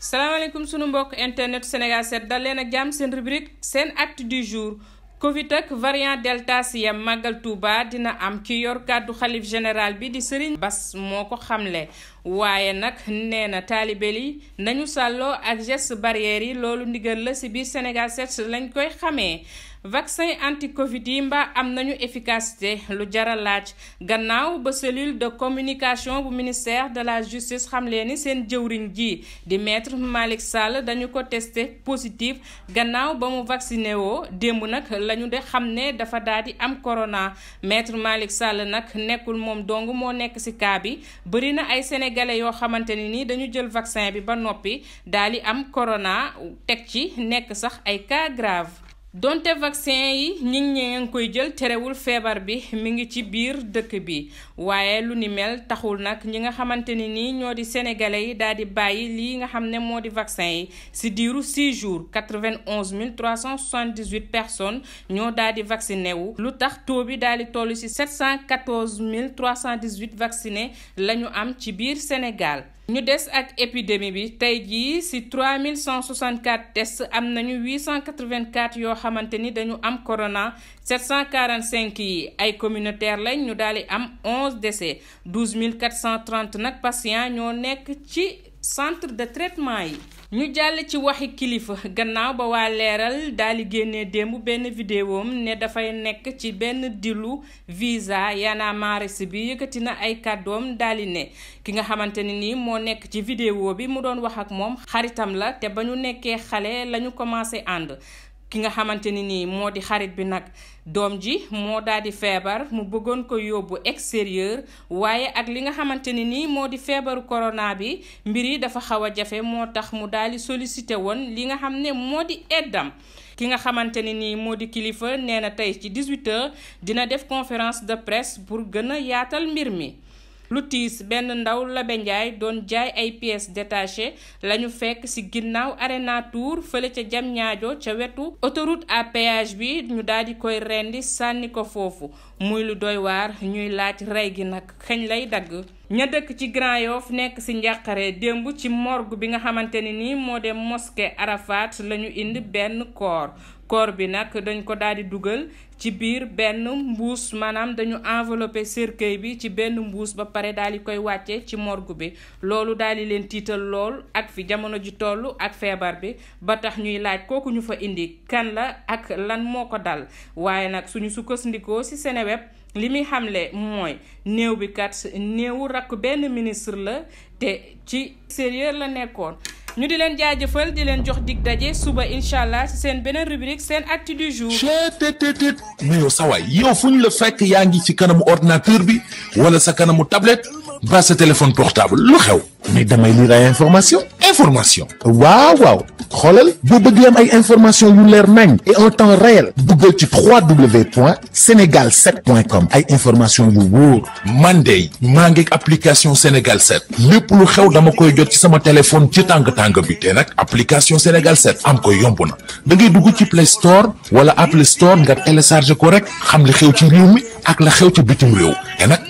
salaamaaleykum sunu mbokk internet Sénégal 7 dal leen ak jàmm seen rubrique seen acte du jour Covid ak variant delta si màggal Touba dina am ki yor kàddu xalif général bi di Serigne Bass moo ko xamle. waaye nag nee na taalibe yi nañu sàlloo ak geste barrière yi loolu ndigal la ci biir Sénégal set lañ koy xamee vaccin anti Covid yi mbaa am nañu efficacité lu jara laaj gannaaw ba cellule de communication bu ministère de la justice xamle ni seen jëwriñ ji di maître Malick Sall dañu ko testé positif gannaaw ba mu vacciné woo démb nag lañu de xam ne dafa daal di am corona maître Malick Sall nag nekkul moom dong moo nekk ci cas bi ay Sénégal sénégalais yoo xamante ne nii dañu jël vaccin bi ba noppi daal di am corona teg ci nekk sax ay cas grave donte vaccin yi ñi ñee ngi koy jël terewul feebar bi mu ngi ci biir dëkk bi waaye lu ni mel taxul nag ñi nga xamante ni nii ñoo di sénégalais yi daal di bàyyi lii nga xam ne moo di vaccin yi si diiru 6 jours 91 378 personnes ñoo daal di vacciné wu. lu tax taux bi daal di toll si 714 318 vacciné la ñu am ci biir Sénégal. ñu des ak épidémie bi tey jii ci 3164 tests am nañu 884 yoo xamante ni dañu am corona 745 yi ay communautaire lañ ñu daal di am 11 décès 12430 nag patients ñoo nekk ci. centre de traitement yi ñu jàll ci waxi kilifa gannaaw ba waa leeral daal di génnee démb benn vidéom ne dafay nekk ci benn dilu visa Y'en a bi yëkkati na ay kàddoom daal di ne ki nga xamante ni nii moo nekk ci vidéo bi mu doon wax ak moom xaritam la te ba ñu nekkee xale la ñu commencé ànd ki nga xamante ni nii moo di xarit bi nag doom ji moo daal di feebar mu bëggoon ko yóbbu extérieur waaye ak li nga xamante ni nii moo di feebaru corona bi mbir yi dafa xaw a jafe moo tax mu daal di sollicité woon li nga xam ne moo di eddam ki nga xamante ni nii moo di kilifa nee na tey ci 18h dina def conférence de presse pour gën a yaatal mbir mi. lu tiis benn ndaw Labé Ndiaye doon jaay ay pièces détachées lañu fekk ci ginnaaw Arena Tour fële ca Diamniadio ca wetu autoroute à péage bi ñu daal di koy rendi sànni ko foofu muy lu doy waar ñuy laaj rey gi nag xeñ lay dagg ña dëkk ci Grand Yoff nekk ci njàqare démb ci morgue bi nga xamante ne nii moo dem mosquée Arafat lañu indi benn koor corps bi nag dañ ko daal di dugal ci biir benn mbuus maanaam dañu enveloppé cercueil bi ci benn mbuus ba pare daal di koy wàcce ci morgue bi loolu daal di leen tiital lool ak fi jamono ji toll ak feebar bi ba tax ñuy laaj kooku ñu fa indi kan la ak lan moo ko dal waaye nag suñu su sukkandikoo ci Seneweb li muy xamle mooy néew bi kat néewu rakk benn ministre la te ci sérieux la nekkoon ñu di leen jaajëfal di leen jox dig daje suba incha allah ci seen beneen rubrique seen actu du jour. chtttt mais yow sa waay yow fu ñu la fekk yaa ngi ci kanamu ordinateur bi wala sa kanamu tablette ba sa téléphone portable lu xew mais damay lire ay information information waaw waaw xoolal boo bëgg am ay information yu leer nañ et en temps réel duggal ci 3w point sénégal 7 point com ay information yu wóor man maa ngi application sénégal set lépp lu xew dama koy jot ci sama téléphone ci tàng tàng bi te nag application sénégal 7 am ko yomb na da ngay dugg ci play store wala apple store nga télécharge ko rek xam li xew ci réew mi ak la xew ci bitim réew te nag